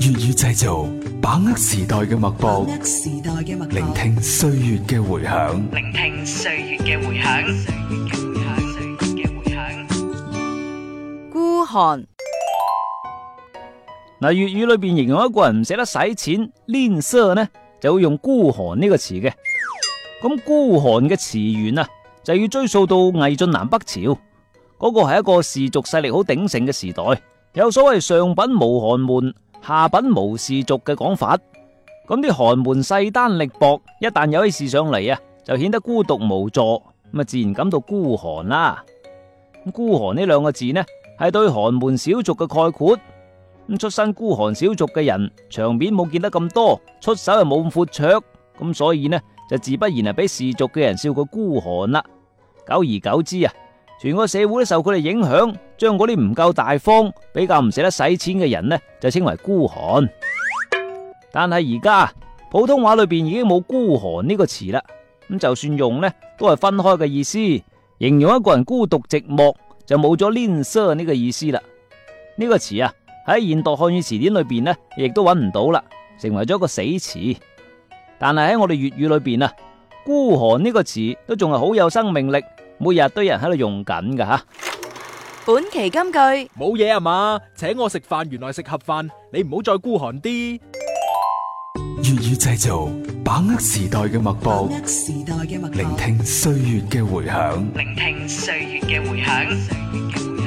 粵語製造，把握時代嘅脈搏，脈搏，聆聽歲月嘅回響。聆聽歲月嘅回響，歲月嘅回響，歲月嘅回響。孤寒嗱，粵 語裏邊形容一個人唔捨得使錢、吝嗇咧，就會用孤寒呢個詞嘅。咁孤寒嘅詞源啊，就要追溯到魏晉南北朝嗰、那個係一個氏族勢力好鼎盛嘅時代，有所謂上品無寒門。下品無士族嘅講法，咁啲寒門勢單力薄，一旦有起事上嚟啊，就顯得孤獨無助，咁啊自然感到孤寒啦。孤寒呢兩個字呢，係對寒門小族嘅概括。咁出身孤寒小族嘅人，場面冇見得咁多，出手又冇咁闊綽，咁所以呢就自不然係，俾士族嘅人笑佢孤寒啦。久而久之啊。全個社會都受佢哋影響，將嗰啲唔夠大方、比較唔捨得使錢嘅人呢，就稱為孤寒。但係而家普通話裏邊已經冇孤寒呢個詞啦，咁就算用呢都係分開嘅意思，形容一個人孤獨寂寞，就冇咗吝嗇呢個意思啦。呢個詞啊喺現代漢語詞典裏邊呢，亦都揾唔到啦，成為咗一個死詞。但係喺我哋粵語裏邊啊，孤寒呢個詞都仲係好有生命力。.每日都有人喺度用緊㗎吓。本期金句，冇嘢啊嘛，請我食飯，原來食盒飯，你唔好再孤寒啲。粵語製造，把握時代嘅脈搏，聆聽歲月嘅回響，聆聽歲月嘅回響。